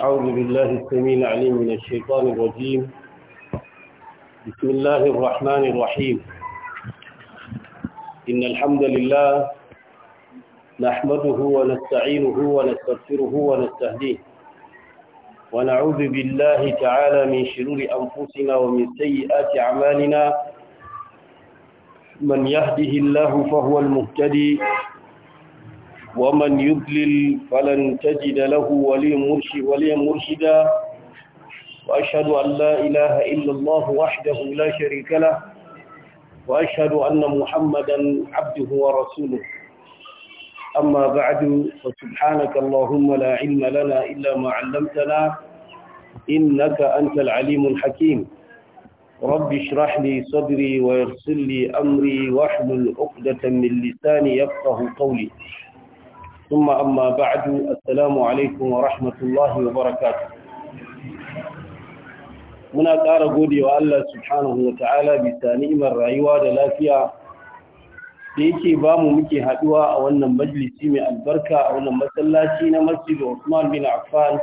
أعوذ بالله السميع العليم من الشيطان الرجيم بسم الله الرحمن الرحيم إن الحمد لله نحمده ونستعينه ونستغفره ونستهديه ونعوذ بالله تعالى من شرور أنفسنا ومن سيئات أعمالنا من يهده الله فهو المهتدي ومن يضلل فلن تجد له وليا مرشد وليا مرشدا واشهد ان لا اله الا الله وحده لا شريك له واشهد ان محمدا عبده ورسوله اما بعد فسبحانك اللهم لا علم لنا الا ما علمتنا انك انت العليم الحكيم رب اشرح لي صدري ويسر لي امري واحلل عقده من لساني يفقه قولي ثم أما بعد السلام عليكم ورحمة الله وبركاته muna ƙara gode wa Allah subhanahu wa ta'ala bisa ni'imar rayuwa da lafiya da yake ba mu muke haɗuwa a wannan majalisi mai albarka a wannan masallaci na Masjid Usman bin Affan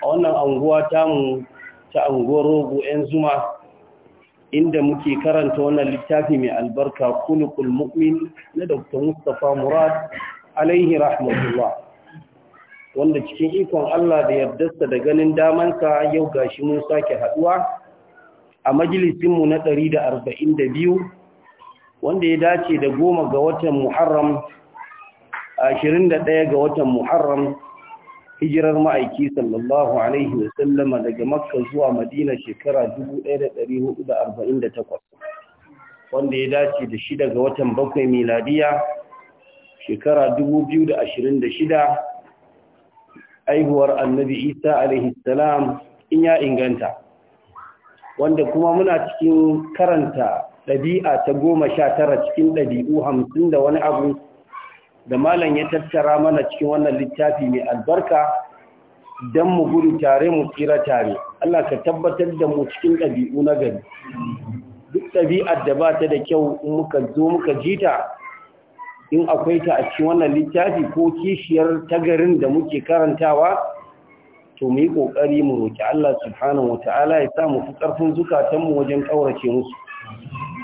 a wannan anguwa mu ta Rogo 'yan zuma inda muke karanta wannan littafi mai albarka kulukul mu'min na Dr. Mustapha Murad alaihi rahmatullah wanda cikin ikon Allah da yardarsa da ganin damansa yau gashi mun sake haduwa a majalisinmu na 142 wanda ya dace da goma ga watan Muharram 21 ga watan Muharram hijirar ma'aiki sallallahu alaihi wa sallama daga Makka zuwa Madina shekara 1448 wanda ya dace da shida ga watan bakwai miladiya shekara 2026 aihuwar annabi isa alaihi in ya inganta wanda kuma muna cikin karanta ɗabi'a ta goma sha tara cikin ɗabi'u hamsin da wani abu da malam ya tattara mana cikin wannan littafi mai albarka don mu gudu tare mu tsira tare Allah ka tabbatar da mu cikin ɗabi'u na gari duk ɗabi'ar da ba ta da kyau muka zo muka jita in akwai ta a cikin wannan littafi ko kishiyar ta garin da muke karantawa to mu yi ƙoƙari mu roki Allah subhanahu wata'ala ya sa mu fi ƙarfin mu wajen ƙaurace musu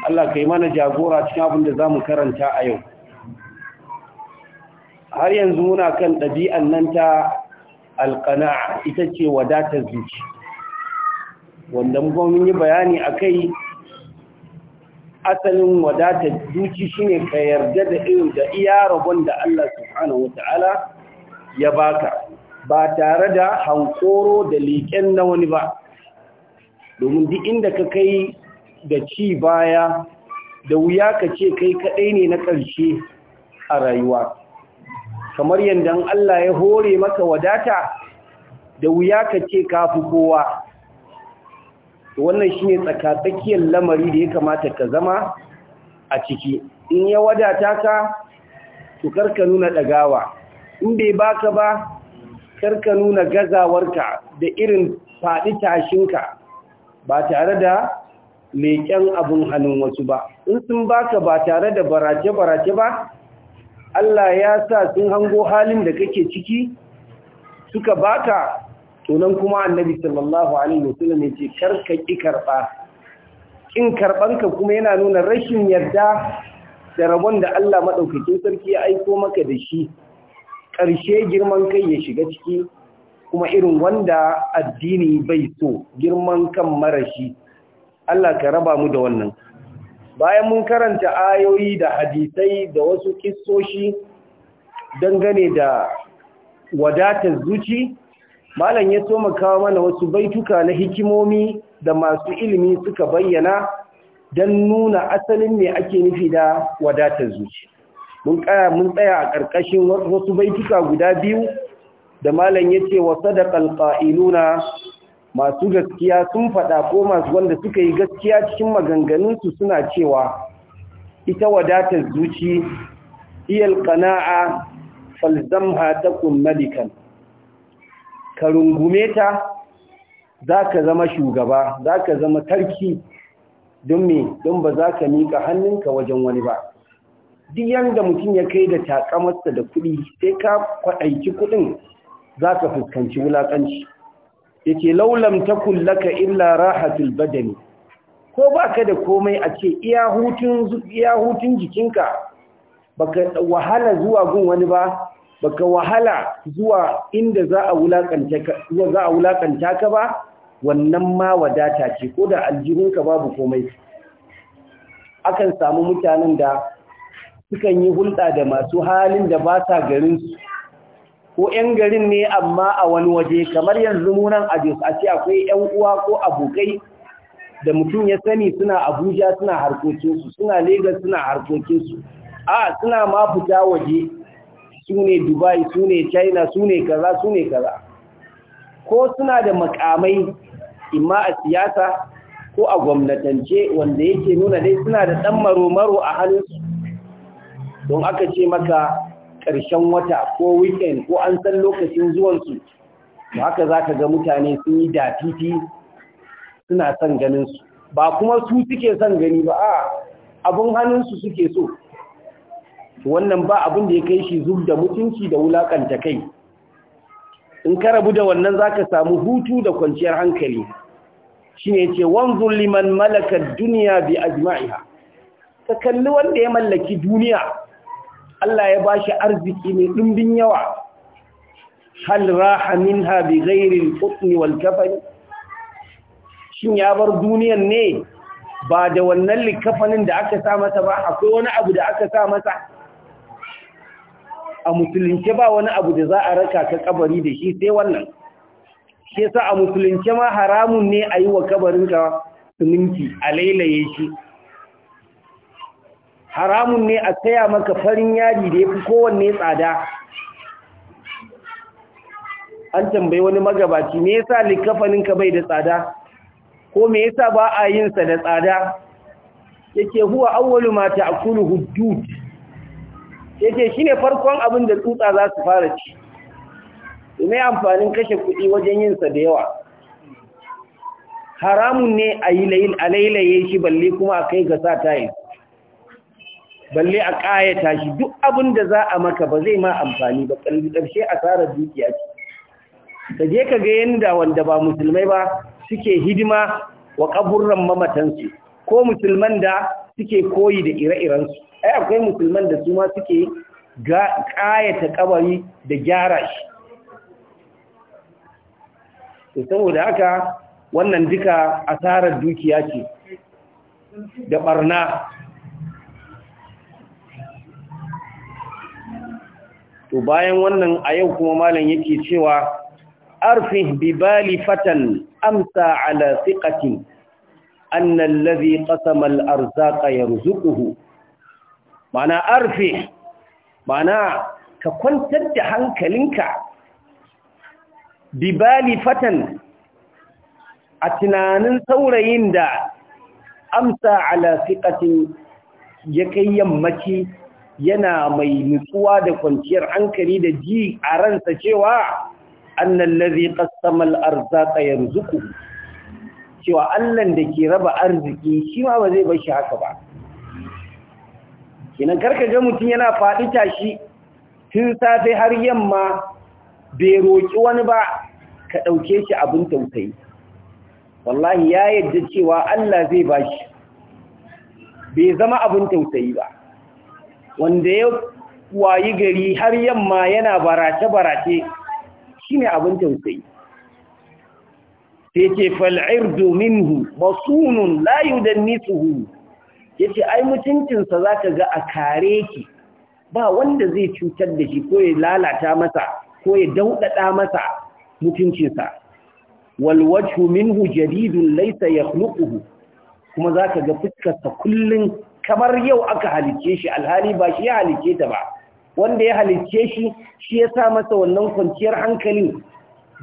Allah kai mana jagora cikin abin da za mu karanta a yau har yanzu muna kan ɗabi'a nan ta alqana'a ita ce wadatar zuci wanda mun yi bayani a kai asalin wadata duci shine ka yarda da irin da iya rabon da Allah subhanahu wata'ala ya baka ba tare da hankoro da liƙen na wani ba domin duk inda ka kai da ci baya da wuya ka ce kai kaɗai ne na ƙarshe a rayuwa kamar yadda Allah ya hore maka wadata da wuya ka ce ka kowa to wannan shine tsakatsakiyar lamari da ya kamata ka zama a ciki in ya wadata ka to karka nuna dagawa in bai baka ba karka nuna gazawarka da irin faɗi tashinka ba tare da leƙen abin hannun wasu ba in sun baka ba tare da barace-barace ba Allah ya sa sun hango halin da kake ciki suka baka Tunan kuma annabi sallallahu alaihi wasallam ya ce karka ki karba kin karbanka kuma yana nuna rashin yarda da rabon da Allah madaukakin sarki ya aiko maka da shi ƙarshe girman kai ya shiga ciki kuma irin wanda addini bai so girman kan marashi Allah ka raba mu da wannan bayan mun karanta ayoyi da hadisai da wasu kissoshi dangane da wadatar zuci malam ya soma kawo mana wasu baituka na hikimomi da masu ilimi suka bayyana don nuna asalin me ake nufi da wadatar zuci mun kaya mun tsaya a ƙarƙashin wasu baituka guda biyu da malam ya ce wasu da ƙalƙa'iluna masu gaskiya sun faɗa ko masu wanda suka yi gaskiya cikin maganganunsu suna cewa ita wadatar zuci iyal kana'a falzamha takun malikan ka rungume ta za ka zama shugaba za ka zama tarki don me don ba za ka miƙa hannunka wajen wani ba duk yanda mutum ya kai da takamarsa da kuɗi sai ka kwaɗaiki kuɗin za ka fuskanci wulaƙanci yake laulan ta kullaka illa rahatul badani ko ba ka da komai a ce iya hutun jikinka ba ka wahala zuwa gun wani ba baka wahala zuwa inda za a wulakanta ka wulakanta ka ba wannan ma wadata ce ko da aljihunka babu komai akan samu mutanen da sukan yi hulɗa da masu halin da ba sa garin ko 'yan garin ne amma a wani waje kamar yanzu munan abis a ce akwai 'yan uwa ko abokai da mutum ya sani suna abuja suna harkokinsu suna Legas suna harkokinsu a suna ma fita waje sune dubai sune china sune kaza sune kaza ko suna da makamai imma a siyasa ko a gwamnatance wanda yake nuna dai suna da ɗan maromaro maro a hannunsu don aka ce maka ƙarshen wata ko weekend ko an san lokacin zuwansu haka za ka ga mutane sun yi titi suna son ganinsu ba kuma su suke son gani ba a abin hannunsu suke so wannan ba abin da ya kai shi zub da mutunci da wulakanta kai in ka rabu da wannan zaka samu hutu da kwanciyar hankali shine yace wanzur liman malaka dunya bi ajma'iha ka kalli wanda ya mallaki duniya Allah ya bashi arziki mai dimbin yawa hal raha minha bi ghairi al-qutn wal kafan shin ya bar duniyan ne ba da wannan likafanin da aka sa masa ba akwai wani abu da aka sa masa a musulunce ba wani abu da za a raka ka kabari da shi sai wannan shi yasa a musulunce ma haramun ne a yi wa kabarinka siminti a lailaye shi haramun ne a saya maka farin yadi da ya fi kowanne tsada an tambayi wani magabaci me yasa likafaninka bai da tsada ko me yasa ba a yin sa da tsada yake huwa awwalu ma ta'kuluhu Hudud. sai ce shi ne farkon abin da tsutsa za su fara ci mai amfanin kashe kuɗi wajen yinsa da yawa haramun ne a yi lailaye shi balle kuma a kai ga sa balle a ƙayata shi duk abin da za a maka ba zai ma amfani ba ƙarshe asarar dukiya ce ka je ka ga yanda wanda ba musulmai ba suke hidima wa kaburran mamatansu ko musulman da suke koyi da ire-irensu ai akwai musulman da su ma suke ƙayata kabari da gyara shi to saboda haka wannan duka asarar dukiya ce da barna to bayan wannan a yau kuma malam yake cewa arfih bibali fatan amsa ala siqatin anna alladhi qasama al-arzaqa yarzuquhu mana arfi mana ka kwantar da hankalinka dibali fatan a tunanin saurayin da amsa ala fiƙatin ya kai yammaci yana mai nutsuwa da kwanciyar hankali da ji a ransa cewa annan lazi kastamal arzaka yanzu ku cewa allan da ke raba arziki shi ma ba zai bashi haka ba kinan karka ga mutum yana faɗi tashi tun safe har yamma bai roƙi wani ba ka ɗauke shi abin tausayi wallahi ya yadda cewa Allah zai ba shi bai zama abin tausayi ba wanda ya wayi gari har yamma yana barace-barace shi ne abin tausayi sai ce fal'ir domin masunun layu da nisuhu Ya ce, ai mutuncinsa za ka ga a kare ki ba wanda zai cutar da shi ko ya lalata masa ko ya daudada masa mutuncinsa min jaridun minhu jadidun laysa yakhluquhu kuma za ka ga fuskarsa kullum kamar yau aka halicce shi alhali ba shi ya halicce ta ba wanda ya halicce shi shi ya sa masa wannan kwanciyar hankali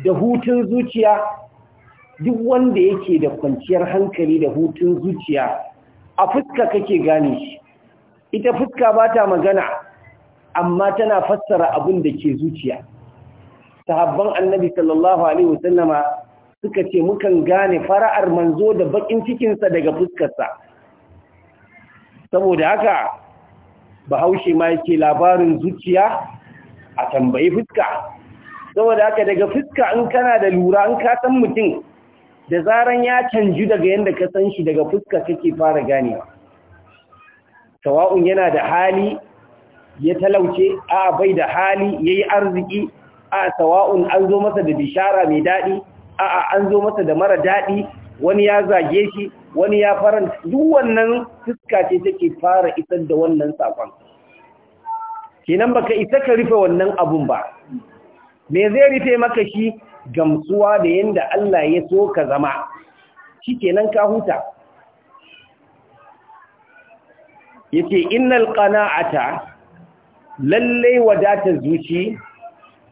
da hutun zuciya duk wanda yake da kwanciyar hankali da hutun zuciya a fuska kake gane shi ita fuska ba ta magana amma tana fassara abin da ke zuciya sahabban annabi sallallahu alaihi wasallama suka ce mukan gane fara'ar manzo da bakin cikinsa daga fuskarsa saboda haka bahaushe ma yake labarin zuciya a tambayi fuska saboda haka daga fuska in kana da lura in ka san mutum da zaran ya canju daga yadda ka san shi daga fuska kake fara ganewa sawa'un yana da hali ya talauce a bai da hali yayi arziki a sawa'un an zo masa da bishara mai daɗi a an zo masa da mara daɗi wani ya zage shi wani ya faranta duk wannan fuska ce take fara isar da wannan sakon kenan baka isa ka rufe wannan abun ba me zai rufe maka shi gamsuwa da yanda Allah ya so ka zama kenan ka huta yace innal qana'ata lalle wadatar zuci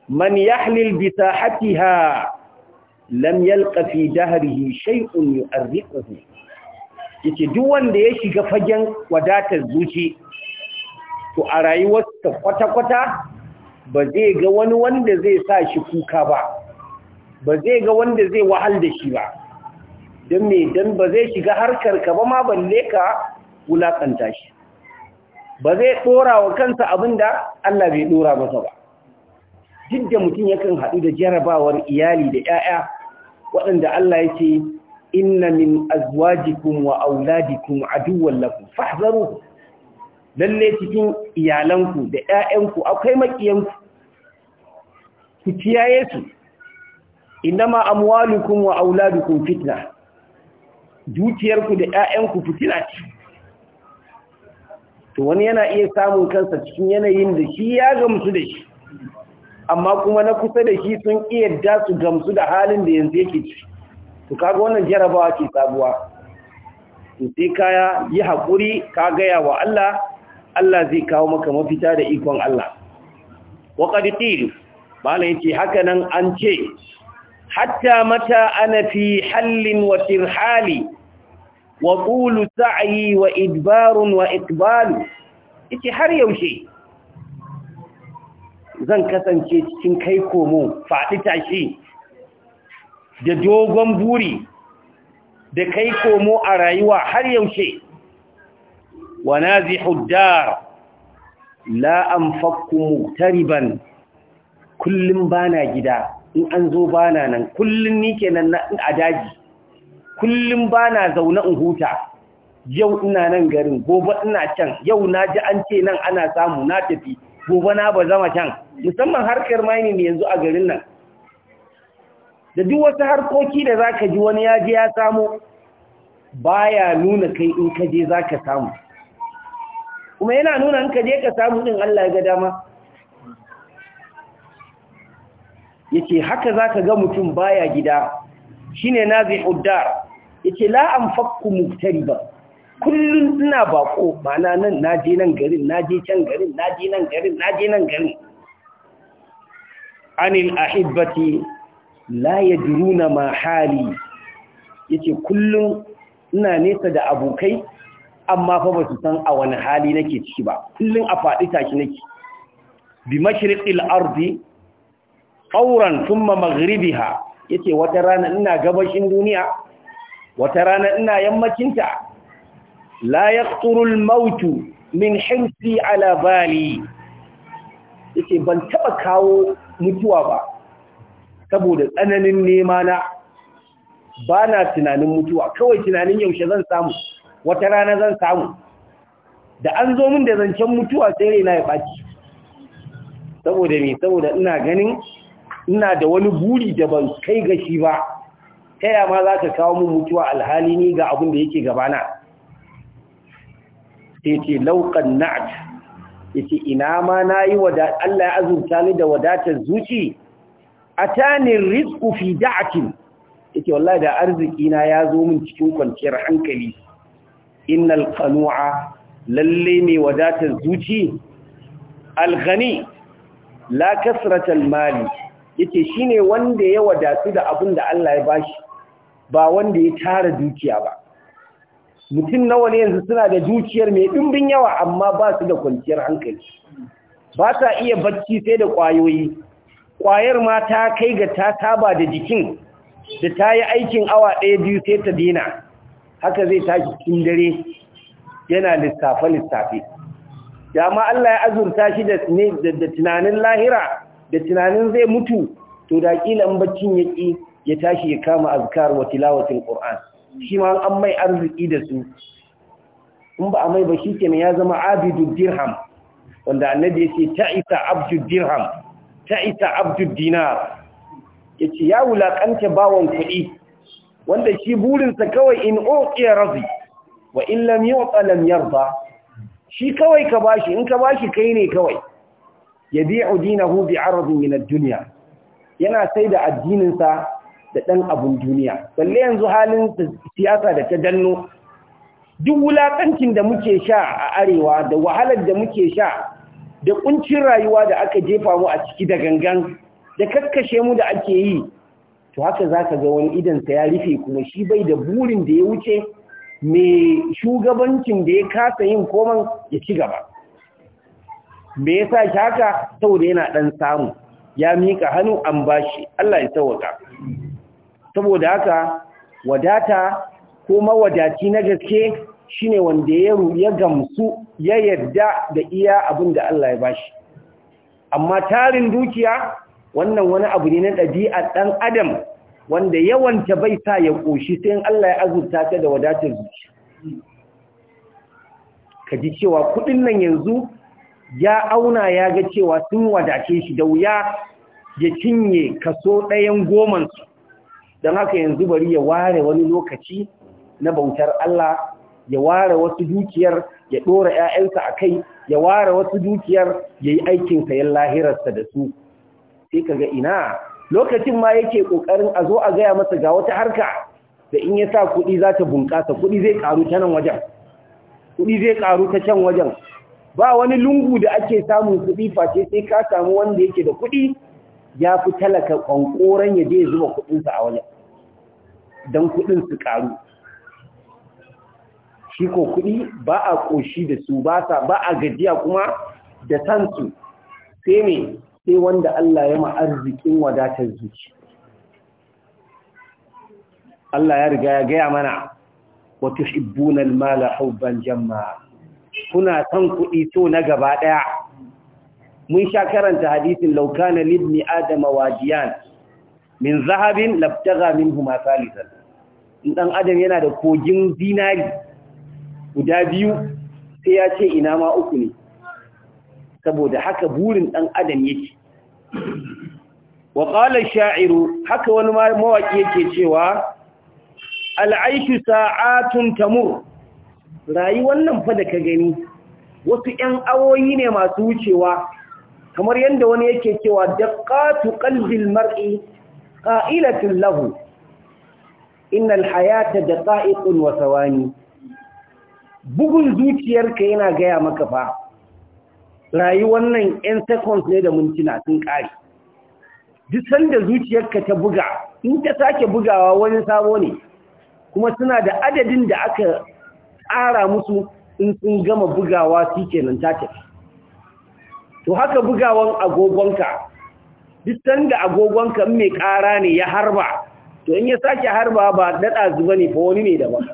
man yahlil bi sahatiha lam yalqa fi dahrihi shay'un yu'arriquhu yace duk wanda ya shiga fagen wadatar zuci to a rayuwarsa kwata-kwata ba zai ga wani wanda zai sa shi kuka ba ba zai ga wanda zai wahal da shi ba don me don ba zai shiga harkar ka ba ma balle ka wulakanta shi ba zai tsora wa kansa abinda Allah bai dora masa ba duk da mutum yakan haɗu da jarabawar iyali da 'ya'ya waɗanda Allah ya ce inna min azwajikum wa auladikum aduwwan lakum fahzaru lalle cikin iyalanku da 'ya'yanku akwai makiyanku ku kiyaye su inama amwalukum wa auladukum fitna dukiyarku da ƴaƴanku fitina ce to wani yana iya samun kansa cikin yanayin da shi ya gamsu da shi amma kuma na kusa da shi sun iya da su gamsu da halin da yanzu yake ci to kaga wannan jarabawa ce sabuwa to sai kaya yi haƙuri ka gaya wa Allah Allah zai kawo maka mafita da ikon Allah wa qad qil ce, yace haka nan an ce hatta mata ana fi hallin wa tirhali wa qulu sa'i wa idbarun wa iqbalu yace har yaushe zan kasance cikin kai komo faɗi tashi da dogon buri da kai komo a rayuwa har yaushe wa nazihu dar la anfaqu muktariban kullum bana gida in an zo ba na nan kullum ni ke na a daji kullum ba na zaune in huta yau ina nan garin gobe ina can yau na ji an ce nan ana samu na tafi gobe na ba zama can musamman harkar ne yanzu a garin nan da duk wasu harkoki da za ka ji wani ya je ya samu baya nuna kai in ka je ka samu kuma yana nuna in ka je ka samu in Allah ya ga dama yace haka zaka ga mutum baya gida shine nazihud dar yace la anfakku muktariba kullun ina bako mana nan naje nan garin naje can garin naje nan garin naje nan garin anil ahibbati la yadruna ma hali yace kullun ina nesa da abokai amma fa ba su san a wani hali nake ciki ba kullun a faɗi tashi nake bi mashriqil ardi fauran magribi ha yake wata rana ina gabashin duniya wata rana ina yammacinta la yaqturu al min himsi ala bali yake ban taba kawo mutuwa ba saboda tsananin nema na bana tunanin mutuwa kawai tunanin yaushe zan samu wata rana zan samu da an zo min da zancen mutuwa sai na ya baci saboda me saboda ina ganin ina da wani buri da ban kai ga shi ba ta yaya ma za ka kawo mu mutuwa alhali ni ga abin da yake gabana sai ce laukan na'at ya ce ina ma na yi Allah ya azurta ni da wadatar zuci atani rizqu rizku fi da'atin ya wallahi da arziki na ya zo min cikin kwanciyar hankali innal qanu'a lalle ne wadatar zuci alghani la kasratal mali yace shine wanda ya wadatu da abin da Allah ya bashi ba wanda ya tara dukiya ba mutum nawa ne yanzu suna da dukiyar mai dimbin yawa amma ba su da kwanciyar hankali ba sa iya bacci sai da kwayoyi Ƙwayar ma ta kai ga ta saba da jikin da ta yi aikin awa ɗaya biyu sai ta dina haka zai tashi cikin dare yana lissafe lissafe dama Allah ya azurta shi da tunanin lahira da tunanin zai mutu to da kila in baccin ya ya tashi ya kama azkar wa tilawatin qur'an shi ma an mai arziki da su in ba a mai ba shikenan ya zama abidud dirham wanda annabi yace ta'isa abdud dirham ta'isa abdud dinar yace ya wulakanta bawon kuɗi wanda shi burinsa kawai in uqiya razi wa in lam yu'ta lam yarda shi kawai ka bashi in ka bashi kai ne kawai yabi'u dinahu bi'aradin min ad-dunya yana sai da sa da ɗan abun duniya balle yanzu halin siyasa da ta danno duk wulakancin da muke sha a arewa da wahalar da muke sha da kuncin rayuwa da aka jefa mu a ciki da gangan da kakkashe mu da ake yi to haka zaka ga wani sa ya rufe kuma shi bai da burin da ya wuce mai shugabancin da ya kasa yin koman ya ci gaba me yasa shi haka saboda yana dan samu ya mika hannu an bashi Allah ya tawaka saboda haka wadata ko mawadaci na gaske shine wanda ya ya gamsu ya yadda da iya abin da Allah ya bashi amma tarin dukiya wannan wani abu ne na dabi'ar ɗan adam wanda yawanta bai sa ya ƙoshi sai Allah ya azurta ka da wadatar zuciya ka ji cewa kuɗin nan yanzu ya auna ya ga cewa sun wadace shi da wuya ya cinye kaso ɗayan gomansu don haka yanzu bari ya ware wani lokaci na bautar Allah ya ware wasu dukiyar ya ɗora ‘ya'yansa a kai ya ware wasu dukiyar ya yi aikin sayan lahirarsa da su sai ka ga ina lokacin ma yake ƙoƙarin a zo a gaya masa ga wata harka da in ya sa kuɗi za ta bunƙasa kuɗi zai ƙaru ta nan wajen kuɗi zai ƙaru ta can wajen ba wani lungu da ake samun kuɗi face sai ka samu wanda yake da kuɗi ya fi talaka ƙwanƙoran ya je zuba kuɗinsa a wajen don kuɗin su ƙaru shi ko kuɗi ba a ƙoshi da su ba a gajiya kuma da sansu sai ne sai wanda Allah ya ma'arzikin wadatar zuci Allah ya riga ya gaya mana wata shibbunan mala ban jama'a Kuna son kuɗi to na gaba ɗaya mun sha karanta hadisin laukana libni adama wajiyan min zahabin labtaga min huma salisan Ɗan adam yana da kogin zinari guda biyu sai ya ce ina ma uku ne saboda haka burin ɗan adam yake wa الشاعر sha'iru haka wani mawaki yake cewa al'aishu sa'atun tamur rayuwar nan fa da ka gani wasu 'yan awoyi ne masu wucewa kamar yadda wani yake cewa daqatu qalbil mar'i qa'ilatun lahu innal hayata daqa'iqun wa thawani bugun zuciyarka yana gaya maka fa rayuwar nan 'yan seconds ne da mintuna sun kare duk sanda zuciyarka ta buga in ta sake bugawa wani sabo ne kuma suna da adadin da aka ƙara musu in sun gama bugawa su kenan nan to haka bugawan agogonka duk sanda agogonka mai ƙara ne ya harba to in ya sake harba ba daɗa zuba ne fa wani ne daban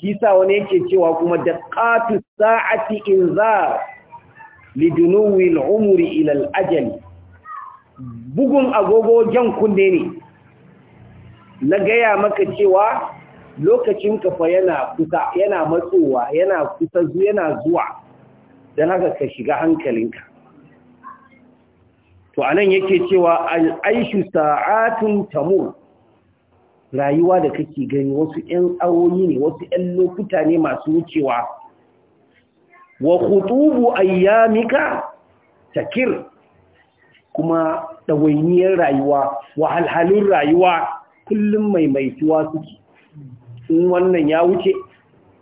shi sa wani yake cewa kuma da ƙatu sa'ati in za lidunuwi umuri ilal ajali bugun agogo jan kunne ne na gaya maka cewa lokacin kafa yana kusa yana matsowa yana kusa yana zuwa don haka ka shiga hankalinka to anan yake cewa aishu sa'atun tamu, rayuwa da kake gani wasu ƴan awoyi ne wasu ƴan lokuta ne masu wucewa wa khutubu ayyamika takir kuma dawainiyar rayuwa wahalhalun rayuwa kullum maimaituwa suke in wannan ya wuce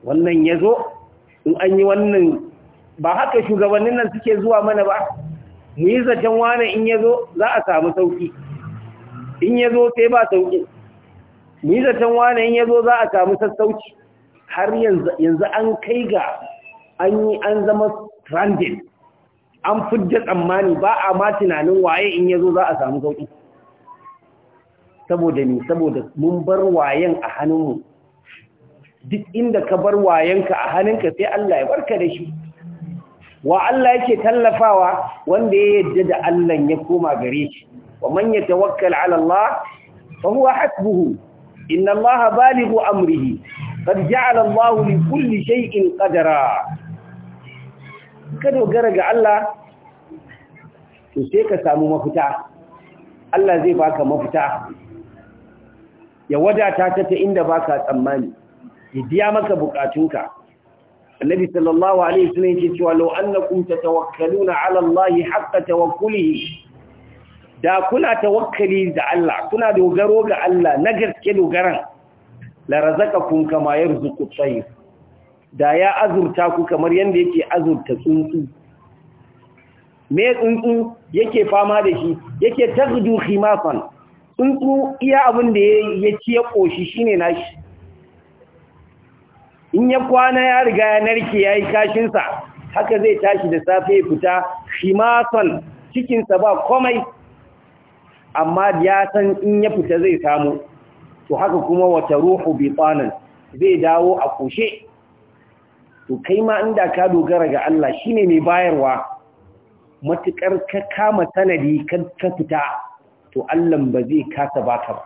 wannan ya zo in an yi wannan ba haka shugabannin nan suke zuwa mana ba mu yi zaton wane in ya zo za a samu sauki in ya zo sai ba sauki mu yi zaton wane in ya zo za a samu sassauci har yanzu an kai ga an yi an zama stranded an fudda tsammani ba a ma tunanin waye in ya zo za a samu sauki saboda ni saboda mun bar wayen a hannunmu duk inda ka bar wayanka a hannunka sai Allah ya barka da shi wa Allah yake tallafawa wanda ya yarda da Allah ya koma gare shi wa man yatawakkal ala Allah fa huwa hasbuhu inna Allah balighu amrihi qad ja'ala Allah li kulli shay'in qadara ka dogara ga Allah to sai ka samu mafita Allah zai baka mafita ya wadata ta ta inda baka tsammani ya biya maka bukatunka annabi sallallahu alaihi wasallam yake cewa law annakum tatawakkaluna ala allahi haqqa tawakkulihi da kuna tawakkali da Allah kuna dogaro ga Allah na gaske dogaran la razaqakum kama yarzuqu at-tayr da ya azurta ku kamar yanda yake azurta tsuntsu me tsuntsu yake fama da shi yake tagdu khimafan tsuntsu iya abin da ya ci ya koshi shine nashi in ya kwana ya riga ya narke ya yi kashinsa haka zai tashi da safe ya fita shimason cikinsa ba komai amma ya san in ya fita zai samu to haka kuma wata ruhu tsanan zai dawo a kushe to kai ma inda ka dogara ga Allah shine mai bayarwa matukar ka kama sanadi ka fita to Allah ba zai kasa baka ba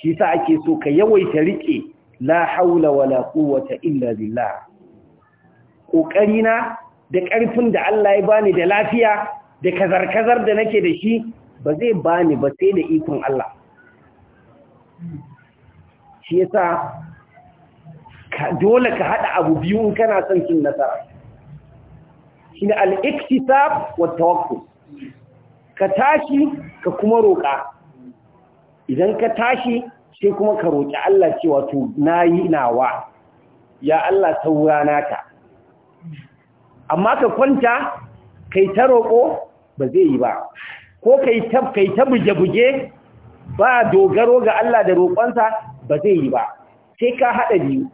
shi sa ake so ka yawaita rike la haula wala quwwata illa billah na da karfin da Allah ya bani da lafiya da kazar-kazar da nake da shi ba zai bani ba sai da ikon Allah shi yasa dole ka hada abu biyu in kana son cin nasara shine al-iktisab wa tawakkul ka tashi ka kuma roƙa idan ka tashi sai kuma ka roƙi Allah cewa to nayi nawa ya Allah saurana ka amma ka kwanta kai ta roƙo ba zai yi ba ko kai ta kai ta buge-buge ba dogaro ga Allah da roƙonsa ba zai yi ba sai ka haɗa biyu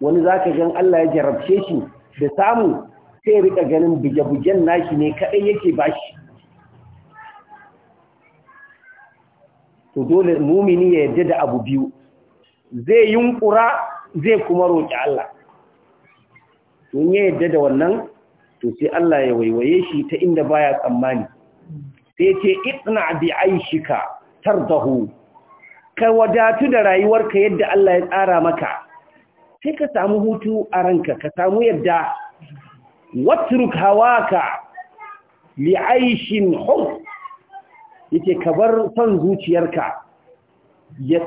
wani zaka gan Allah ya jarabce shi da samu sai rika ganin buge-bugen nashi ne kaɗai yake bashi to dole mumini ya yarda da abu biyu zai yunkura zai kuma roƙi Allah to ya yarda da wannan to sai Allah ya waiwaye shi ta inda baya tsammani sai ce itna bi aishika tardahu ka wadatu da rayuwarka yadda Allah ya tsara maka sai ka samu hutu a ranka ka samu yadda watruk hawaka li aishin hur yake ka bar son zuciyarka ya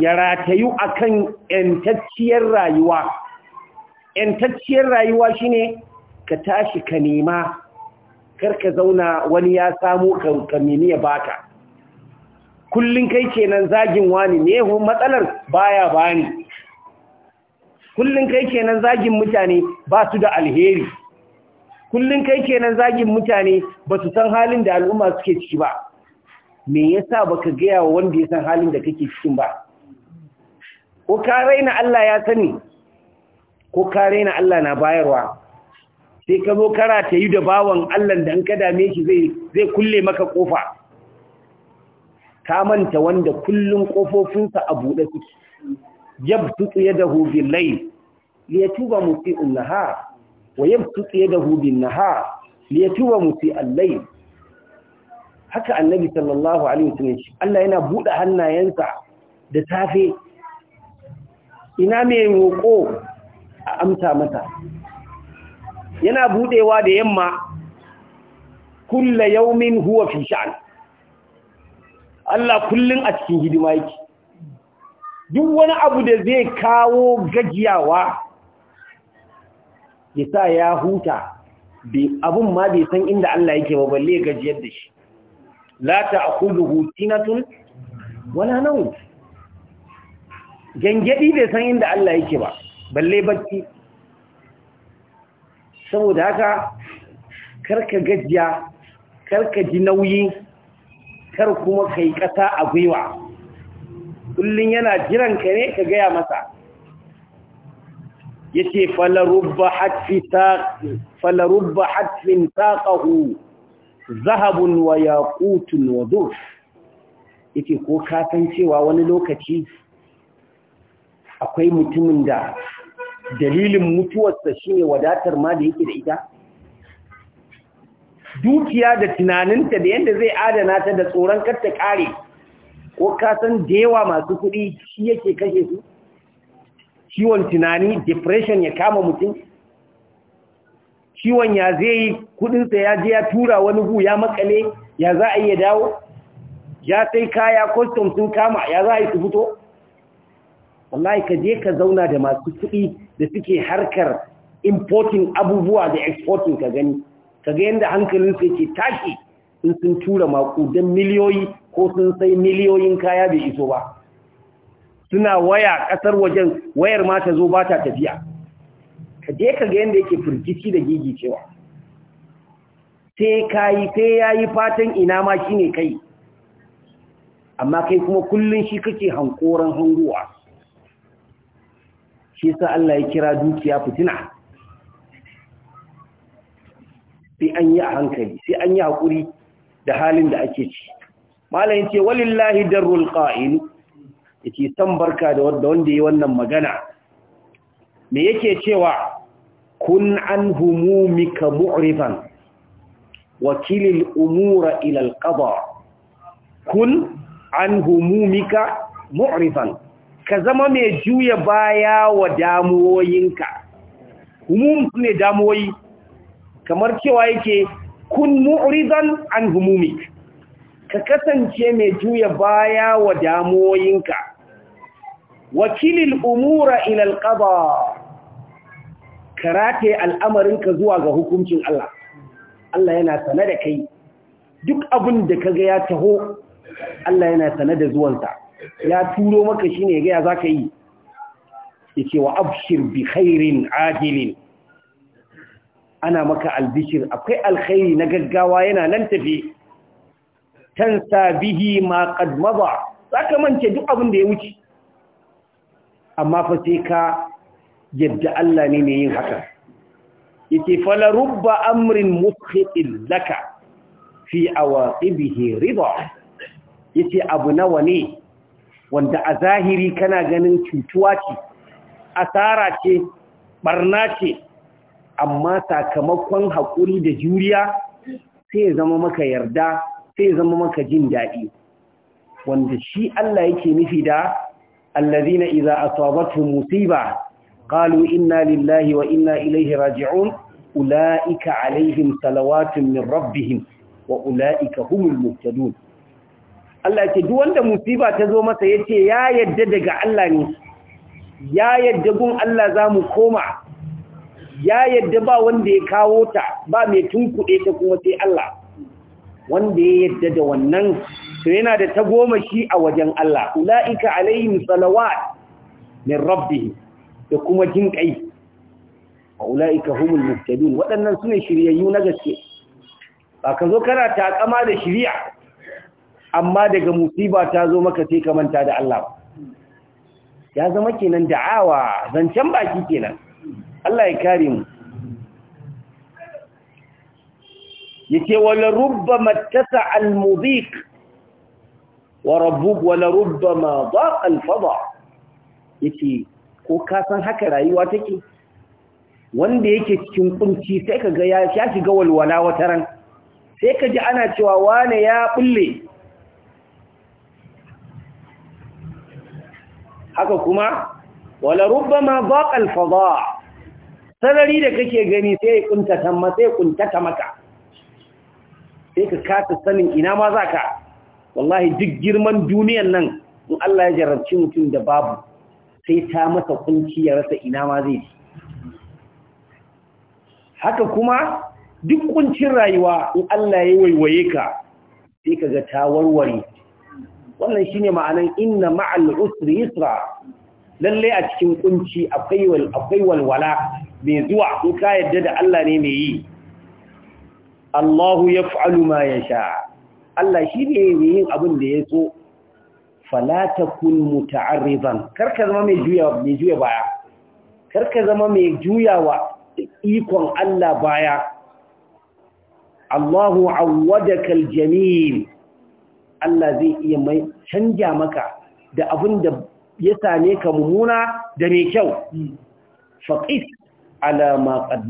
ya ratayu akan entacciyar rayuwa entacciyar rayuwa shine ka tashi ka nema kar ka zauna wani ya samu ka nemi ya baka kullun kai kenan zagin wani ne hu matsalar baya bani kullun kai kenan zagin mutane ba su da alheri kullun kai kenan zagin mutane ba su san halin da al'umma suke ciki ba me yasa baka gaya wa wanda ya san halin da kake cikin ba ko ka raina Allah ya sani ko ka raina Allah na bayarwa sai ka zo kara ta yi da bawan Allah da an ka dame shi zai zai kulle maka kofa ka manta wanda kullun kofofinsa a buɗe suke yabtu yadahu bil layl liyatuba musii'un nahar wa yabsutu yadahu bin nahar liyatuba musi al Allai. haka annabi sallallahu alaihi wasallam shi Allah yana bude hannayensa da safe ina mai roƙo a amsa mata yana buɗewa da yamma kulla yaumin huwa fi sha'an Allah kullun a cikin hidima yake duk wani abu da zai kawo gajiyawa ya sa ya huta abin ma bai san inda Allah yake ba balle gajiyar da shi la ta'khudhuhu sinatun wala nan? gangadi bai san inda Allah yake ba balle bacci saboda haka karka gajiya karka ji nauyi kar kuma kai kasa a gwiwa kullun yana jiran ka ne ka gaya masa yace falarubba hatfin taƙahu zahabun wa yaqutun wa zuf yake ko ka cewa wani lokaci akwai mutumin da dalilin mutuwarsa shine wadatar ma da yake da ita dukiya da tunaninta da yadda zai adana ta da tsoron kar ƙare ko kasan da yawa masu kuɗi shi yake kashe su ciwon tunani depression ya kama mutum ciwon ya zai yi kudinsa ya je ya tura wani hu ya makale ya za a iya dawo ya sai kaya custom sun kama ya za a yi fito wallahi ka je ka zauna da masu kuɗi da suke harkar importing abubuwa da exporting ka gani ka ga yadda su yake tashi in sun tura maƙudan miliyoyi ko sun sai miliyoyin kaya bai iso ba suna waya kasar wajen wayar ma ta zo ba ta tafiya ka je ka ga yanda yake firgici da cewa. sai kai sai yayi fatan ina ma shine kai amma kai kuma kullun shi kake hankoran hanguwa shi sa Allah ya kira dukiya fitina sai an yi a hankali sai an yi haƙuri da halin da ake ci malayin ce walillahi darul qa'il yake san barka da wanda yi wannan magana me yake cewa kun an humumika mu'rifan wakilil umura ila alqada kun an humumika mu'rifan ka zama mai juya baya wa damuwoyinka humum ne damuwoyi kamar cewa yake kun murizan an humumik ka kasance mai juya baya wa damuwoyinka wakilil umura ila alqada karate al'amarinka zuwa ga hukuncin Allah Allah yana sane da kai duk abin da kaga ya taho Allah yana sane da zuwansa ya turo maka shine ya gaya ya zaka yi yace wa abshir bi khairin ajilin ana maka albishir akwai alkhairi na gaggawa yana nan tafi tansa bihi ma qad Za zaka mance duk abin da ya wuce amma fa sai ka yadda Allah ne mai yin haka yake fala rubba amrin mukhitil laka fi awaqibihi ridha yace abu nawa ne wanda a zahiri kana ganin cutuwa ce asara ce barna ce amma sakamakon haƙuri da juriya sai ya zama maka yarda sai ya zama maka jin daɗi wanda shi Allah yake nufi da الذين إذا أصابتهم مصيبة قالوا إنا لله وإنا إليه راجعون أولئك عليهم صلوات من ربهم وأولئك هم المهتدون Allah ce duk wanda musiba ta zo masa ce ya yadda daga Allah ne ya yadda gun Allah zamu koma ya yadda ba wanda ya kawo ta ba mai tunkuɗe ta kuma sai Allah wanda ya yadda da wannan so yana da ta goma shi a wajen Allah ulaika alaihim salawat min rabbih da kuma kai wa ulaika humul muhtadin waɗannan sune shiryayyu na gaske ba ka zo kana takama da shiriya amma daga musiba ta zo maka sai ka manta da Allah ya zama kenan da'awa zancen baki kenan Allah ya kare mu yace wala Rubba matasa al-mudhiq wa rabbuk wa larubbama yace ko ka san haka rayuwa take wanda yake cikin kunci sai kaga ya shiga ga walwala ran, sai ka ji ana cewa wane ya bulle haka kuma wala rubbama daqa sarari da kake gani sai kuntata maka sai kuntata maka sai ka kasa sanin ina ma zaka wallahi duk girman duniyan nan in Allah ya jarabci mutum da babu sai ta masa kunci ya rasa ina ma zai ci haka kuma duk kuncin rayuwa in Allah ya waiwaye ka sai ka ga ta warware wannan shine ma'anan inna ma'al usri yusra lalle a cikin kunci akwai walwala mai zuwa in ka da Allah ne mai yi Allahu yaf'alu ma ya sha. Allah shi ne mai yin abin da ya so falatakun muta'arriban karka zama mai juya mai juya baya karka zama mai juya juyawa ikon Allah baya Allahu awwadaka aljamil Allah zai iya mai canja maka da abin da ya same ka mumuna da mai kyau faqis ala ma qad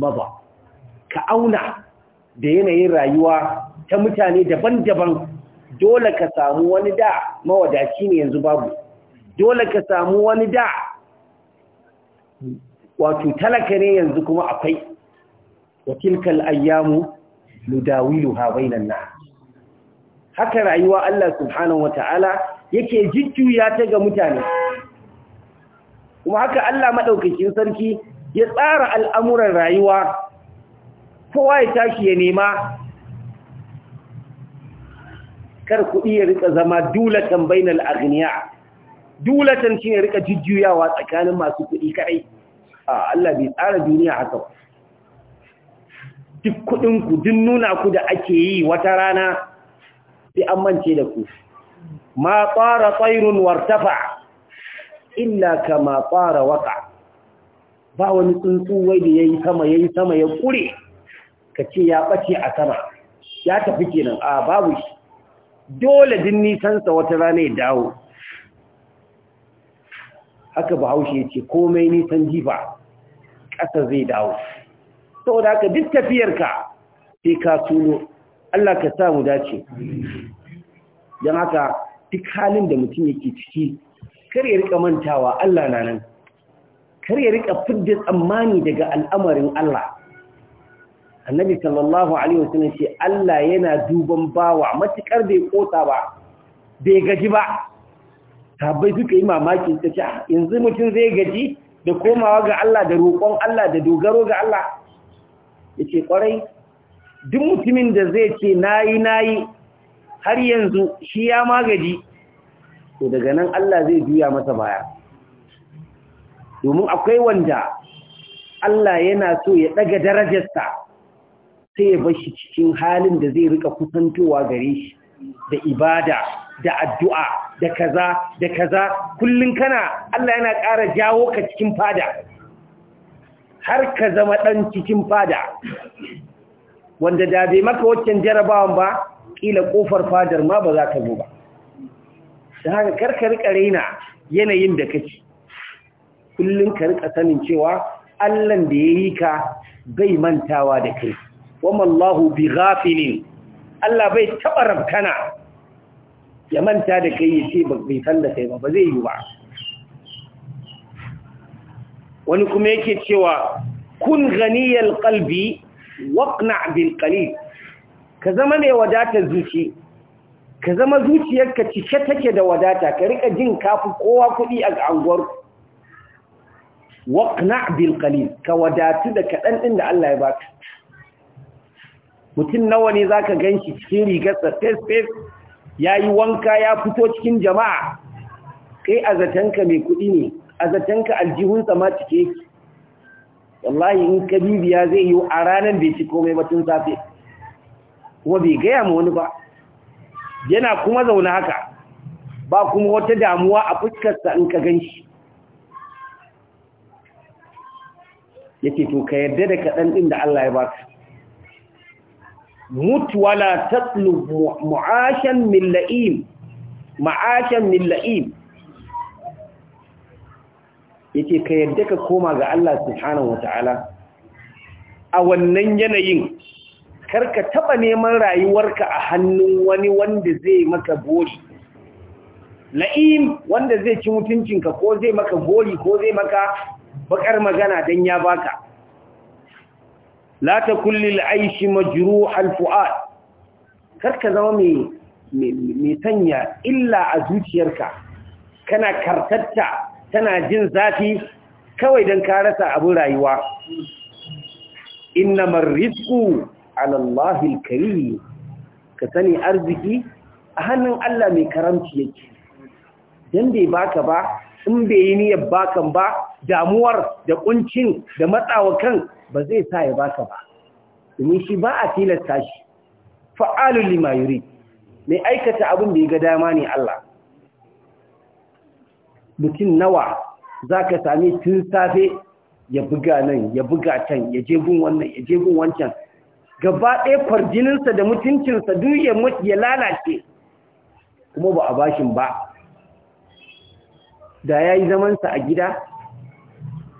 ka auna da yanayin rayuwa ta mutane daban-daban dole ka samu wani da mawadaci ne yanzu babu dole ka samu wani da wato talaka ne yanzu kuma akwai watilkal ayyamu ha bainan na haka rayuwa Allah subhanahu wata'ala yake jijjuya ta ga mutane kuma haka Allah madaukakin sarki ya tsara al'amuran rayuwa kowa ya tashi ya nema kar kuɗi ya rika zama dulatan bainal aghniya dulatan ya rika jujjuyawa tsakanin masu kuɗi kai a Allah bai tsara duniya haka ba duk kuɗin ku duk nuna ku da ake yi wata rana sai an mance da ku ma tsara tsairun wartafa illa kama tsara waka ba wani tsuntsu wai da yayi sama yayi sama ya kure kace ya bace a sama ya tafi kenan a babu shi dole din nisansa wata rana ya dawo haka bahaushe ya ce komai nisan jifa ƙasa zai dawo saboda haka duk tafiyarka sai ka tuno Allah ka sa mu dace don haka duk halin da mutum yake ciki kar ya rika mantawa Allah na nan kar ya rika fidda tsammani daga al'amarin Allah annabi sallallahu alaihi wasallam ce Allah yana duban bawa matukar bai kota ba bai gaji ba tabbai suka yi mamakin ta ce ah, yanzu mutum zai gaji da komawa ga Allah da roƙon Allah da dogaro ga Allah yace kwarai duk mutumin da zai ce nayi nayi har yanzu shi ya magaji to daga nan Allah zai juya masa baya domin akwai wanda Allah yana so ya daga darajarsa sai ya bar shi cikin halin da zai rika kusantowa gare shi da ibada da addu'a da kaza da kaza kullun kana Allah yana ƙara jawo ka cikin fada har ka zama ɗan cikin fada wanda da bai maka waccan jarabawan ba ƙila ƙofar fadar ma ba za ka zo ba karka haka karkar raina yanayin da kaci kullum ka rika sanin cewa allan da ya yi ka bai mantawa da kai wamallahu Allahu bi ghafilin Allah bai taɓa rabkana ya manta da kai yace ce bai san da kai ba ba zai yi ba wani kuma yake cewa kun ganiyar kalbi waƙna bil qalil ka zama mai wadatar zuci ka zama zuciyarka cike take da wadata ka rika jin kafi kowa kuɗi a anguwar waƙna bil qalil ka wadatu da kaɗan ɗin da Allah ya baka mutum nawa ne za zaka shi cikin rigarsa face face yi wanka ya fito cikin jama'a kai a azatanka mai kudi ne azatanka aljihunsa ma cike wallahi in kabibiya zai yi a ranar bai ci komai ba tun safe kuma bai gaya ma wani ba yana kuma zaune haka ba kuma wata damuwa a fuskarsa in ka gan shi yake to ka yarda da kaɗan ɗin da Allah ya baka mut wala tatlub mu'ashan min la'im ma'ashan min la'im yake ka yadda ka koma ga Allah subhanahu wata'ala a wannan yanayin kar ka taba neman rayuwarka a hannun wani wanda zai maka gori. la'im wanda zai ci mutuncinka ko zai maka gori ko zai maka bakar magana dan ya baka la ta kulli al'aishi majruh al-fu'ad karka zama mai sanya illa a zuciyarka kana kartatta tana jin zafi kawai don ka rasa abin rayuwa innamar rizku alallahi alkarim ka sani arziki a hannun Allah mai karamci yake dan bai baka ba in bai yi niyyar bakan ba damuwar da kuncin da matsawa kan ba zai sa ya baka ba domin shi ba a tilasta shi fa'alun lima mai aikata abin da ya ga dama ne Allah mutum nawa za ka sami tun safe ya buga nan ya buga can ya jebin wannan ya jebin wancan gaba ɗaya farjininsa da mutuncinsa duk ya lalace kuma ba a bashin ba da ya yi zamansa a gida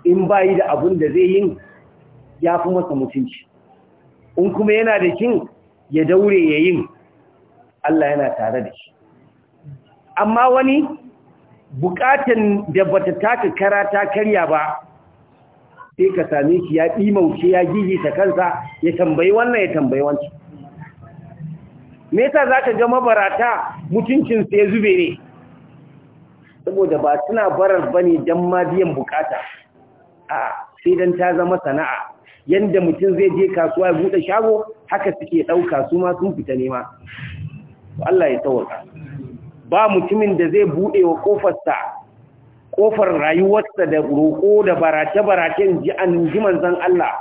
in bayi da abin da zai yi ya fi masa mutunci in kuma yana da kin ya daure ya yin Allah yana tare da shi amma wani bukatan da bata taka kara ta karya ba sai ka same shi ya ɗimauce ya ta kansa ya tambayi wannan ya tambayi wancan me yasa zaka ga mabarata mutuncinsa ya zube ne saboda ba suna barar ba ne dan ma biyan bukata a sai don ta zama sana'a Yadda mutum zai je kasuwa ya bude shago haka suke dauka su ma sun fita nema Allah ya tawaka ba mutumin da zai bude wa kofarsa kofar rayuwarsa da roƙo da barace-barace ji an ji manzan Allah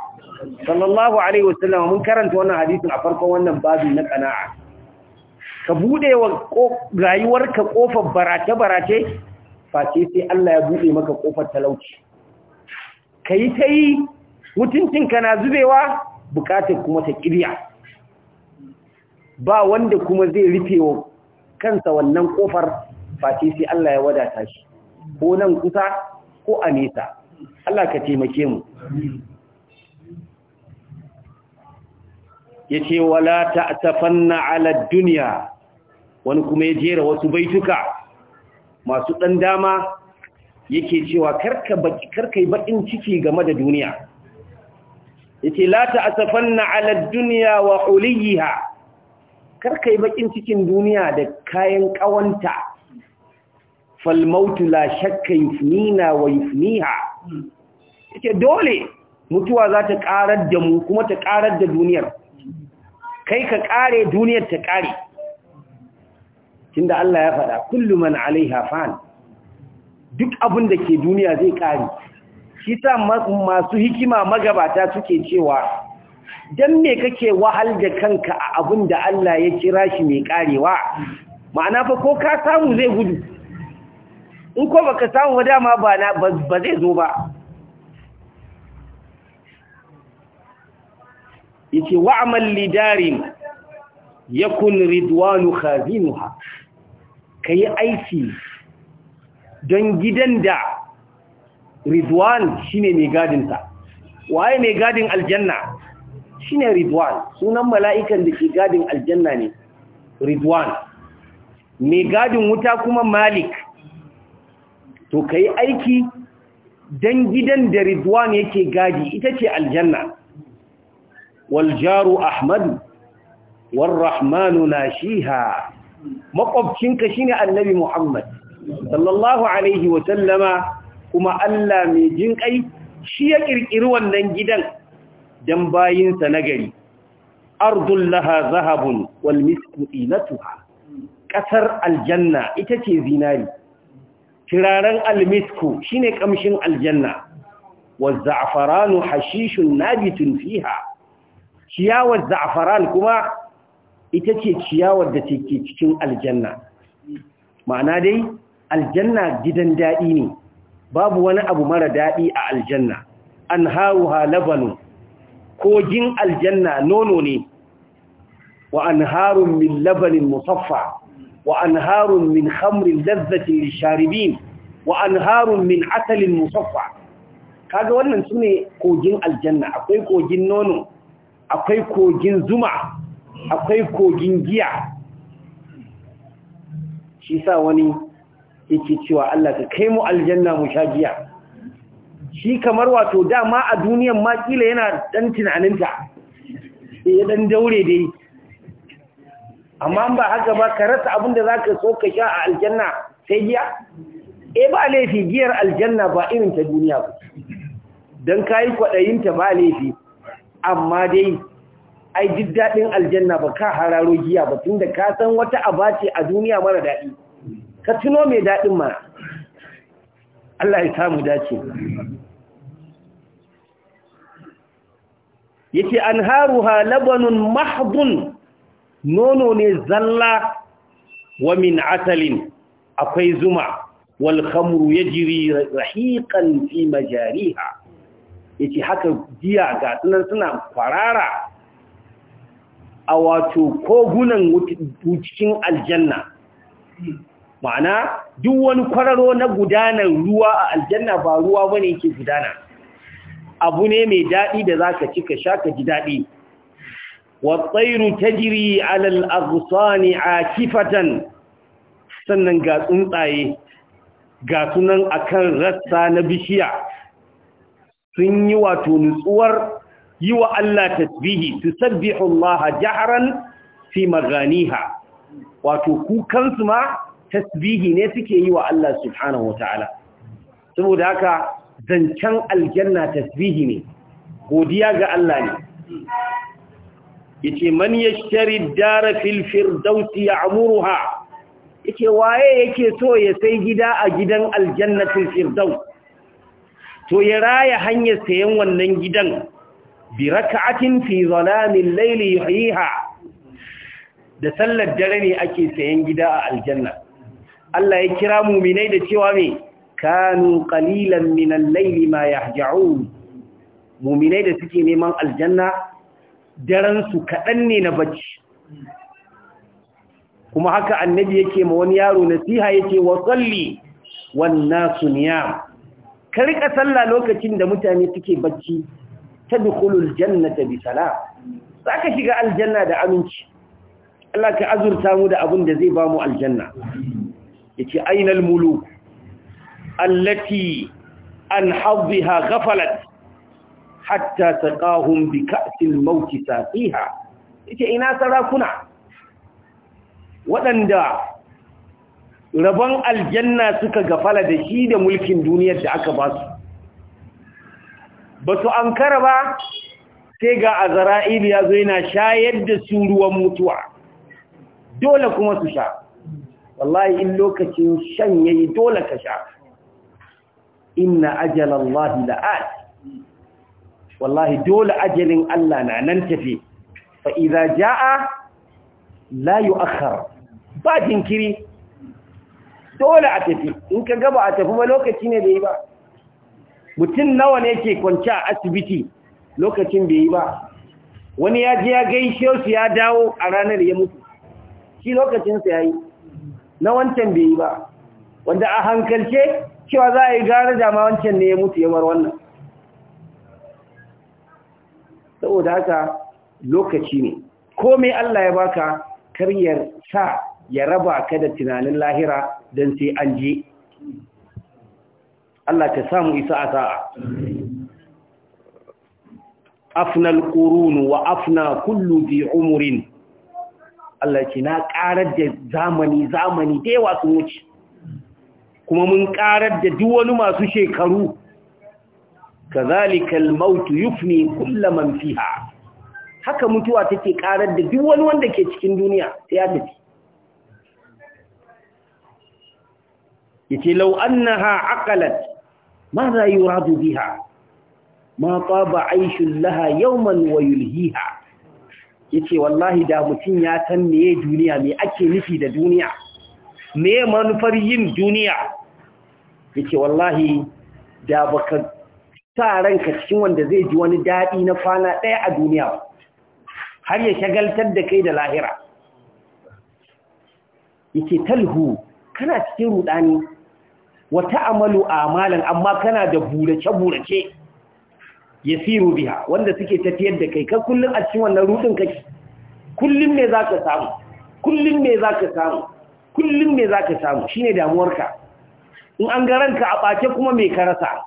sallallahu alaihi wasallam mun karanta wannan hadisin a farkon wannan babu na kana'a ka bude wa rayuwarka kofar barace-barace face sai Allah ya buɗe maka kofar talauci ka yi ta yi mutuncinka na zubewa bukatar kuma ta ƙirya ba wanda kuma zai rufe wa kansa wannan kofar? face sai Allah ya wadata shi ko nan kusa ko a nesa Allah ka taimake mu ya ce wala ta'tafanna ala duniya wani kuma ya jera wasu baituka masu ɗan dama yake cewa karka baki karkai baƙin ciki game da duniya lati la ta'asafanna na alar duniya wa huliha karkai baƙin cikin duniya da kayan ƙawanta, falmautula la shakka yufnina wa yufniha Yake dole mutuwa za ta ƙarar da mu kuma ta ƙarar da duniyar kai ka ƙare duniyar ta ƙare.' tunda Allah ya faɗa kullum man alaiha fan duk abun da ke duniya zai ƙare shi sa masu hikima magabata suke cewa dan me kake wahal da kanka a abin da Allah ya kira shi mai ƙarewa ma'ana fa ko ka samu zai gudu in ko baka samu ba dama ba ba zai zo ba yace wa'mal lidarin yakun ridwanu khazinuha ka yi aiki don gidan da ridwan ne mai gadinta waye mai gadin aljanna Shi ne ridwan sunan mala'ikan da ke gadin aljanna ne ridwan mai gadin wuta kuma malik to ka yi aiki don gidan da ridwan yake gadi ita ce aljanna waljaru ahmadu warrahmanu na shiha makwabcinka shine annabi Muhammad sallallahu alaihi wa sallama kuma Allah mai jin kai shi ya kirkiri wannan gidan dan bayinsa na gari ardul laha zahabun wal misku ilatuha kasar aljanna ita ce zinari turaren almisku shine kamshin aljanna wa za'faranu hashishun nabitun fiha ciyawar za'faran kuma ita ce ciyawar da ke cikin aljanna ma'ana dai aljanna gidan daɗi ne babu wani abu mara daɗi a aljanna an ha labanu kogin aljanna nono ne wa an harun min labanin musaffa wa an harun min hamrin lazzatin lisharibin wa an harun min asalin musaffa kaga wannan su ne kogin aljanna akwai kogin nono akwai kogin zuma akwai kogin giya shi sa wani yake cewa Allah ka kai mu aljanna mu sha giya shi kamar wato dama a duniyan ma kila yana dan tunaninta sai ya dan daure dai amma ba haka ba ka rasa abin da zaka so ka sha a aljanna sai giya eh ba laifi giyar aljanna ba irin ta duniya ba dan kai kwadayin ta ba laifi amma dai ai duk daɗin aljanna ba ka hararo giya ba tunda da ka san wata aba a duniya mara daɗi ka tuno mai daɗin mara. Allah ya samu dace yake an ha labanun mahdun nono ne zalla wa min asalin akwai zuma wal khamru yajri rahiqan fi majariha yace haka giya ga sunan suna kwarara a wato kogunan cikin aljanna ma'ana duk wani kwararo na gudanar ruwa a aljanna ba ruwa wani yake gudana abu ne mai daɗi da za ka ci ka sha ka ji daɗi watsairu ta jiri alal agusani a kifatan sannan ga tsuntsaye ga sunan akan rassa na bishiya sun yi wato nutsuwar yi wa Allah tasbihi tusabbihu Allah jaharan fi maganiha wato kukansu ma tasbihi ne suke yi wa Allah subhanahu wataala saboda haka zancen aljanna tasbihi ne godiya ga Allah ne yace man yashtari dara fil firdausi ya'muruha yace waye yake so ya sai gida a gidan aljannatul firdaus to ya raya hanyar sayan wannan gidan bi raka'atin fi zalamin layli yuhyiha da sallar dare ne ake sayan gida a aljanna Allah ya kira muminai da cewa me kanu qalilan min al-layli ma yahja'un muminai da suke neman aljanna daren su kadan ne na bacci kuma haka annabi yake ma wani yaro nasiha yake wa salli wan nasu niyam ka rika sallah lokacin da mutane suke bacci tadkhulul jannata bi Za zaka shiga aljanna da aminci Allah ka azurta mu da abin da zai ba mu aljanna yace ainal muluk allati an hadhiha gafalat. hatta taqahum bi ka'sil safiha. Ya ce ina sarakuna waɗanda rabon aljanna suka gafala da shi da mulkin duniyar da aka ba su ba su an ba sai ga azara'il ya zo yana shayar da su ruwan mutuwa dole kuma su sha wallahi in lokacin shan yayi dole ka sha inna ajalallahi la'at wallahi dole ajalin Allah na nan tafi fa idza jaa la yu'akhkhar ba jinkiri dole a tafi in ka gaba a tafi ba lokaci ne da yi ba mutum nawa ne ke kwanci a asibiti lokacin bai yi ba wani ya je ya gaishe su ya dawo a ranar ya mutu shi lokacinsa ya yi na wancan bai yi ba wanda a hankalce cewa za a yi gara dama wancan ne ya mutu ya mar wannan saboda haka lokaci ne komai Allah ya baka karyar sa ya raba ka da tunanin lahira don sai an je Allah ka samu isa a sa'a afnal ƙorunu wa afna kullu bi umurin. Allah ce na ƙarar da zamani zamani da yawa sun wuce kuma mun ƙarar da duk wani masu shekaru kazalika al-maut yufni kull man fiha haka mutuwa take ƙarar da duk wani wanda ke cikin duniya ta ya tafi yace law annaha ماذا يراد بها ما طاب عيش لها يوما ويلهيها yace wallahi da mutum ya san meye duniya me ake nufi da duniya meye manufar yin duniya yace wallahi da baka sa ranka cikin wanda zai ji wani dadi na kwana daya a duniya har ya shagaltar da kai da lahira yace talhu kana cikin rudani wa ta'amalu amalan amma kana da burace burace yasiru biha wanda suke tafiyar da kai ka kullun a cikin wannan rudin kake kullun me zaka samu kullun me zaka samu kullun me zaka samu shine damuwarka in an ga ranka a bace kuma me ka rasa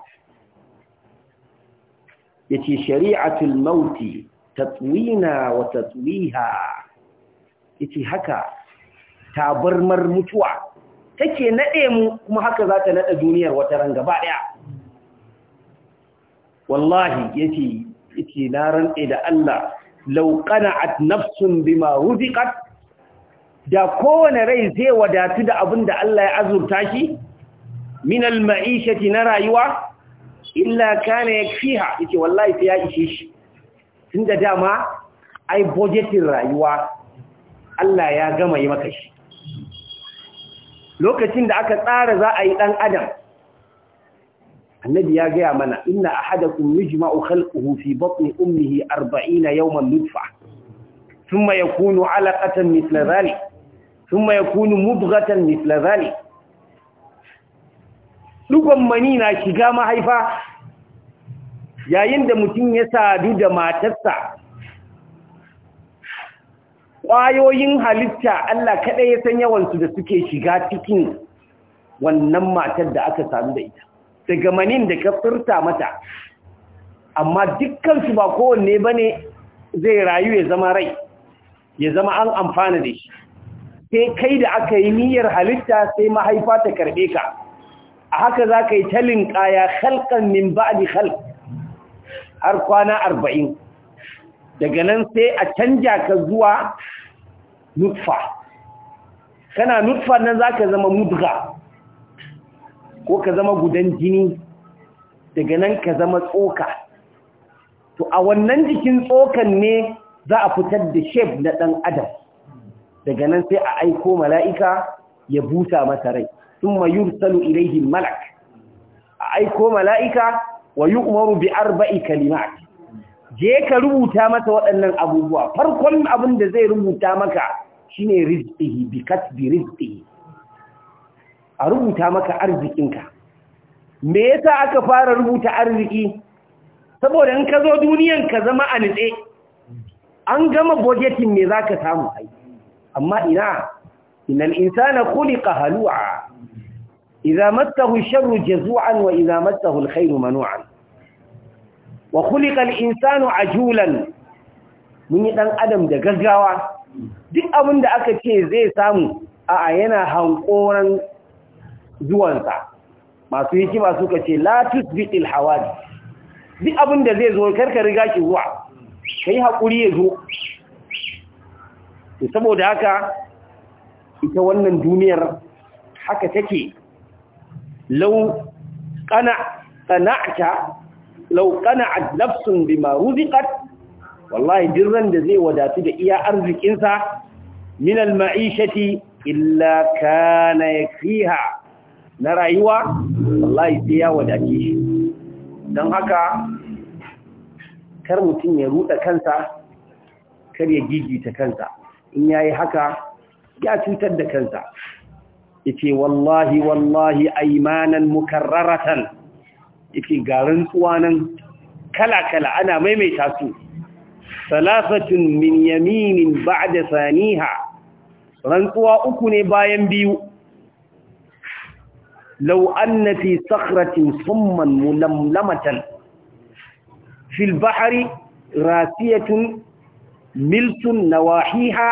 yace shari'atul mauti tatwina wa tatwiha yace haka tabarmar mutuwa take naɗe mu kuma haka za ta naɗa duniyar wata ran gaba ɗaya wallahi yace yace na rantse da Allah lauƙana qana'at nafsun bima ruziqat da kowane rai zai wadatu da abin da Allah ya azurta shi min al-ma'ishati na rayuwa illa kana yakfiha yace wallahi sai ya ishe shi tunda dama ai budgetin rayuwa Allah ya gama yi maka shi lokacin da aka tsara za a yi ɗan adam annabi ya gaya mana inna a ahadakum yujma'u khalquhu fi batni ummihi lutfa, sun nutfa thumma yakunu 'alaqatan mithla sun thumma yakunu mudghatan mithla dhalik dugon mani na shiga mahaifa yayin da mutum ya sadu da matarsa ƙwayoyin halitta Allah kaɗai ya san yawansu da suke shiga cikin wannan matar da aka sami da ita daga manin da ka furta mata amma dukkansu ba kowanne ba ne zai rayu ya zama rai ya zama an amfana da shi sai kai da aka yi niyyar halitta sai mahaifa ta karɓe ka a haka za ka yi talin ƙaya halkan min ba'adi halk har kwana arba'in daga nan sai a canja ka zuwa nutfa kana nutfa nan zaka zama mudga ko ka zama gudan jini daga nan ka zama tsoka to a wannan jikin tsokan ne za a fitar da shef na ɗan adam daga nan sai a aiko mala'ika ya busa masa rai sun mayur salu ilaihin malak a aiko mala'ika wa yi bi arba'i kalimat je ka rubuta masa waɗannan abubuwa farkon abin da zai rubuta maka shine rizqihi bi rizqihi a rubuta maka arzikinka me yasa aka fara rubuta arziki saboda in ka zo duniyan ka zama a nitse an gama budgeting me zaka samu ai amma ina innal insana khuliqa halu'a idza massahu sharru jazu'an wa idza massahu alkhairu manu'an wa khuliqal insanu ajulan mun yi dan adam da gaggawa duk abin da aka ce zai samu a yana hankoran zuwansa masu hikima suka ce la tusbitil hawadi duk abin da zai zo karka riga ki zuwa kai hakuri ya zo to saboda haka ita wannan duniyar haka take lau kana qana'ta law qana'at nafsun bima ruziqat wallahi dirran da zai wadatu da iya arzikinsa min al-ma'ishati illa kana yakfiha na rayuwa wallahi sai ya wadace shi don haka kar mutum ya ruɗa kansa kar ya gigita kansa in yayi haka ya cutar da kansa yace wallahi wallahi aymanan mukarraratan yake garin nan kala-kala ana maimaita su salafatun min yaminin ba'da saniha rantsuwa uku ne bayan biyu Lau anna sakratin summan mulamlamatan fil bahri rasiyatun miltun nawahiha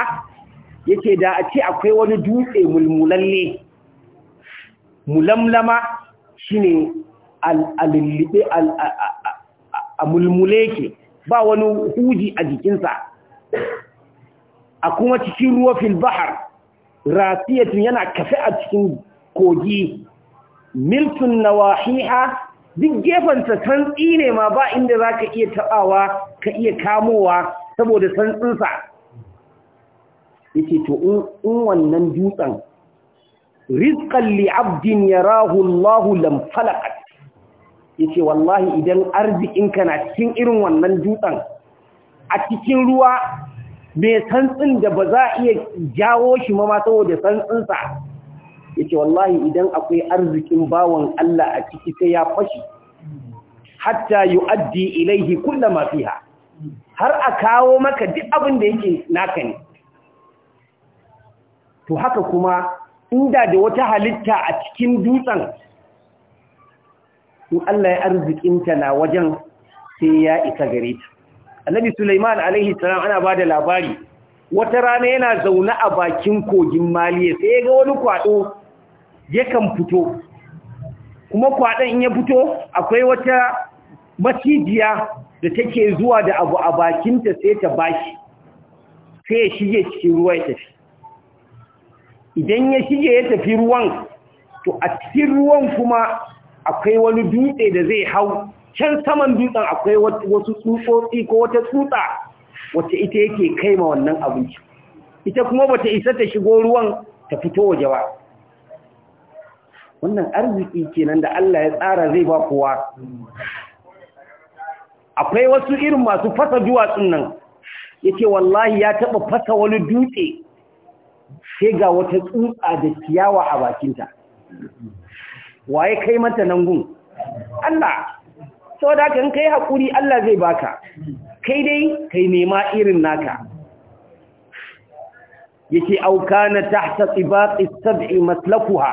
yake da a ce akwai wani dutse mulmulalle mulamlama shine a mulmule ke ba wani huji a jikinsa a kuma cikin ruwa fil bahar rasiyatun yana kafe a cikin kogi na nawahiha duk gefensa santsi ne ma ba inda za ka iya taɓawa ka iya kamowa saboda santsinsa yake to in wannan dutsen rizqan li abdin yarahu Allahu lam falaqat yace wallahi idan arzikinka na cikin irin wannan dutsen a cikin ruwa bai santsin da ba za a iya jawo shi ma saboda santsinsa yace wallahi idan akwai arzikin bawan Allah a ciki sai ya fashi hatta yu'addi ilaihi kulla fiha har a kawo maka duk abin da yake naka ne to haka kuma inda da wata halitta a cikin dutsen in Allah ya arzikinta na wajen sai ya isa gare ta annabi Sulaiman alaihi salam ana da labari wata rana yana zaune a bakin kogin maliya sai ya ga wani kwado yakan fito kuma kwaɗon in ya fito akwai wata macijiya da take zuwa da abu a bakinta sai ta bashi sai ya shige cikin ruwa ya tafi idan ya shige ya tafi ruwan to a cikin ruwan kuma akwai wani dutse da zai hau can saman dutsen akwai wasu tsutsotsi ko wata tsutsa wacce ita yake kai ma wannan abinci ita kuma bata isa ta shigo ruwan ta fito waje ba wannan arziki kenan da Allah ya tsara zai ba kowa akwai wasu irin masu fasa duwatsun nan yake wallahi ya taba fasa wani dutse sai ga wata tsutsa da ciyawa a bakinta waye kai mata nan gun Allah saboda haka in kai hakuri Allah zai baka kai dai kai nema irin naka yake au kana tahta tibaqi sab'i maslakuha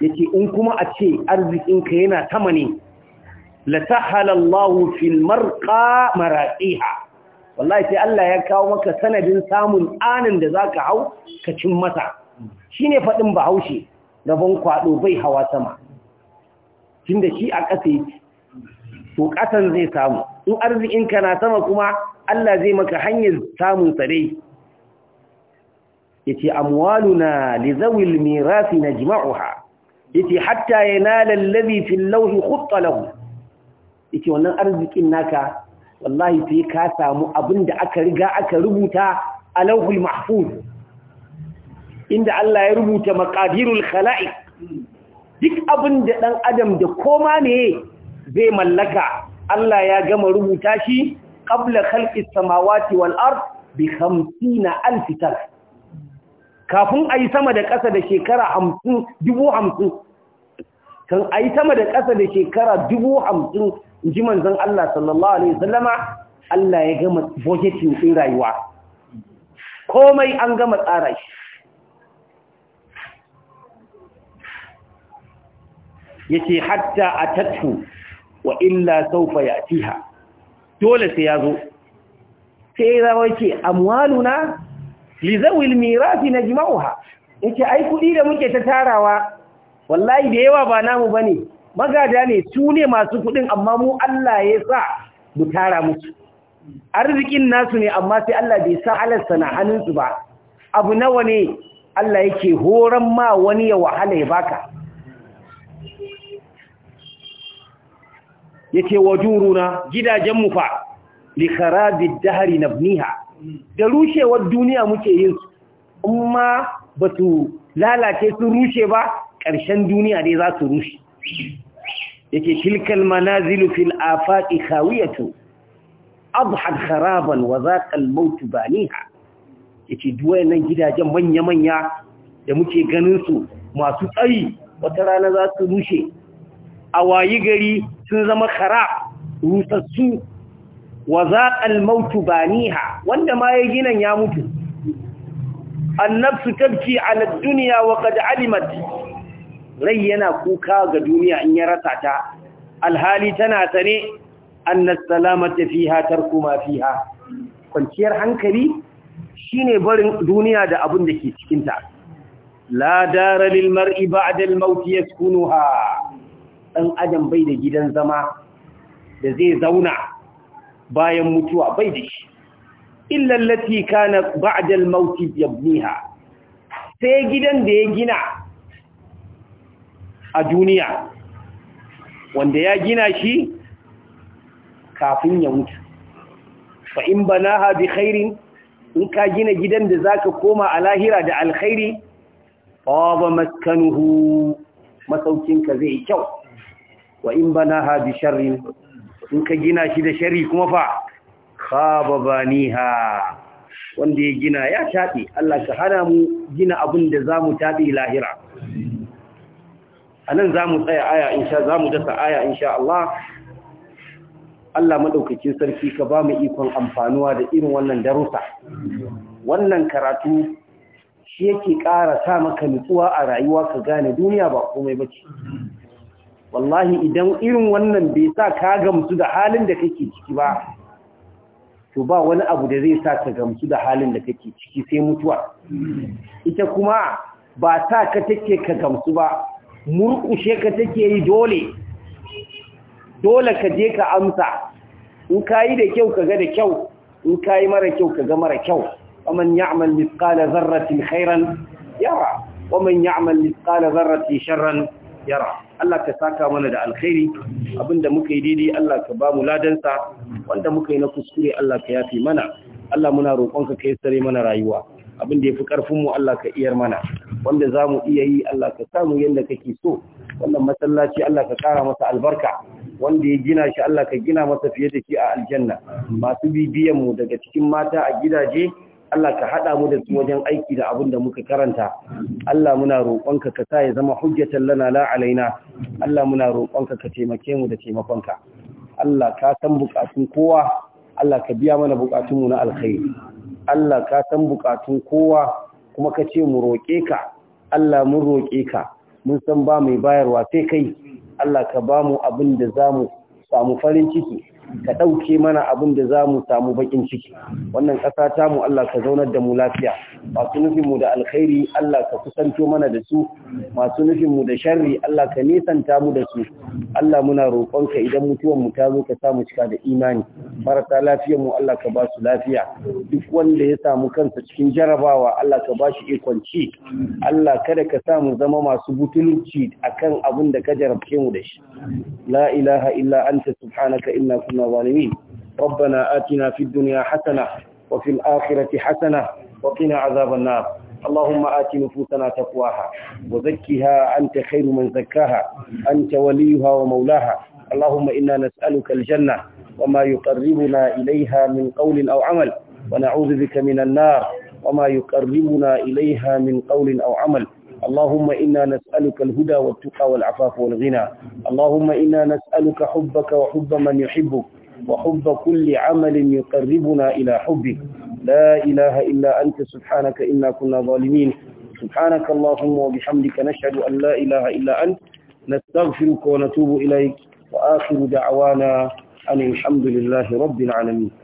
yake in kuma a ce arzikin ka yana sama ne la sahala Allah fil marqa maraqiha wallahi sai Allah ya kawo maka sanadin samun anin da zaka hau ka cin masa shine fadin bahaushe rabon kwaɗo bai hawa sama tun da shi a ƙasa yake to ƙasan zai samu in arzikinka na sama kuma Allah zai maka hanyar samun dai yace amwaluna li zawil mirasi najma'uha yace hatta yanala alladhi fil lawhi khutta Ya yace wannan arzikin naka wallahi sai ka samu abinda aka riga aka rubuta a lauhin mahfuz inda Allah ya rubuta maqadirul khala'iq duk abin da dan adam da koma ne zai mallaka Allah ya gama rubuta shi qabla khalqis samawati wal ard bi 50000 sana kafin ayi sama da ƙasa da shekara 50 dubu 50 kan ayi sama da ƙasa da shekara dubu 50 inji manzon Allah sallallahu alaihi wasallama Allah ya gama budgeting din rayuwa komai an gama tsara shi yace hatta atatu wa illa sawfa yatiha dole sai yazo sai zawo yace amwaluna li zawil mirasi najma'uha yace ai kudi da muke ta tarawa wallahi da yawa ba namu bane magada ne su ne masu kudin amma mu Allah ya sa mu tara musu arzikin nasu ne amma sai Allah bai sa alarsa na hannunsu ba abu nawa ne Allah yake horan ma wani ya wahala ya baka yace wajuruna gidajen mu fa li kharabi dahri nabniha da rushewar duniya muke yin su amma batu lalace su rushe ba ƙarshen duniya dai za su rushe yake tilkal manazilu fil afaqi khawiyatu abhad kharaban wa zaqa al maut baniha duwaye nan gidajen manya manya da muke ganin su masu tsayi wata rana za su rushe a wayi gari sun zama kara rusassu wa zaƙal mautu baniha wanda ma ya ginan ya mutu annabsu tabki ala duniya wa qad alimat rai yana kuka ga duniya in ya rasa ta alhali tana sane annas salamata fiha tarku ma fiha kwanciyar hankali shine barin duniya da abin da ke cikin ta la dara lil mar'i ba'da al maut yaskunuha ɗan adam bai da gidan zama da zai zauna bayan mutuwa bai da shi illallati kana ba'da al-mauti yabniha sai gidan da ya gina a duniya wanda ya gina shi kafin ya mutu fa in banaha bi khairin in ka gina gidan da zaka koma a lahira da alkhairi fa maskanuhu masaukinka zai yi kyau wa in ha bi sharrin in ka gina shi da sharri kuma fa khaba baniha wanda ya gina ya taɓe Allah ka hana mu gina abin da za mu lahira a nan za mu tsaya aya insha za mu dasa aya insha Allah Allah Madaukakin sarki ka ba mu ikon amfanuwa da irin wannan darusa. wannan karatu shi yake ƙara sa maka nutsuwa a rayuwa ka gane duniya ba komai bace. wallahi idan irin wannan bai sa ka gamsu da halin da kake ciki ba to ba wani abu da zai sa ka gamsu da halin da kake ciki sai mutuwa ita kuma ba sa ka take ka gamsu ba murkushe ka take yi dole dole ka je ka amsa in kayi da kyau ka ga da kyau in kayi mara kyau ka ga mara kyau ومن يعمل مثقال ذرة خيرا يرى ومن يعمل مثقال ذرة شرا yara Allah ka saka mana da alkhairi abinda muka yi daidai Allah ka bamu ladansa wanda muka yi na kuskure Allah ka yafi mana Allah muna roƙonka ka sare mana rayuwa abinda yafi karfin mu Allah ka iyar mana wanda zamu iya yi Allah ka samu yanda kake so wannan masallaci Allah ka kara masa albarka wanda ya gina shi Allah ka gina masa fiye da shi a aljanna masu bibiyan mu daga cikin mata a gidaje Allah ka haɗa mu da su wajen aiki da abin da muka karanta Allah muna roƙonka ka sa ya zama hujjatan lana la alaina Allah muna roƙonka ka taimake mu da taimakonka Allah ka san buƙatun kowa Allah ka biya mana buƙatunmu na alkhairi Allah ka san buƙatun kowa kuma ka ce mu roƙe ka Allah mun roƙe ka mun san ba mai bayarwa sai kai Allah ka ba mu abin da za mu samu farin ciki ka ɗauke mana abin da za mu samu baƙin ciki wannan ƙasa ta mu Allah ka zaunar da mu lafiya masu nufinmu da alkhairi Allah ka kusanto mana da su masu nufinmu da sharri Allah ka nisanta mu da su Allah muna roƙonka idan mutuwan mu ta zo ka samu cika da imani marasa lafiyar mu Allah ka ba su lafiya duk wanda ya samu kansa cikin jarabawa Allah ka ba shi ikon ci Allah kada ka sa mu zama masu butulci akan abin da ka jarabce mu da shi la ilaha illa anta subhanaka inna kunna من الظالمين ربنا آتنا في الدنيا حسنة وفي الآخرة حسنة وقنا عذاب النار اللهم آت نفوسنا تقواها وزكها أنت خير من زكاها أنت وليها ومولاها اللهم إنا نسألك الجنة وما يقربنا إليها من قول أو عمل ونعوذ بك من النار وما يقربنا إليها من قول أو عمل اللهم إنا نسألك الهدى والتقى والعفاف والغنى اللهم إنا نسألك حبك وحب من يحبك وحب كل عمل يقربنا إلى حبك لا إله إلا أنت سبحانك إنا كنا ظالمين سبحانك اللهم وبحمدك نشهد أن لا إله إلا أنت نستغفرك ونتوب إليك وآخر دعوانا أن الحمد لله رب العالمين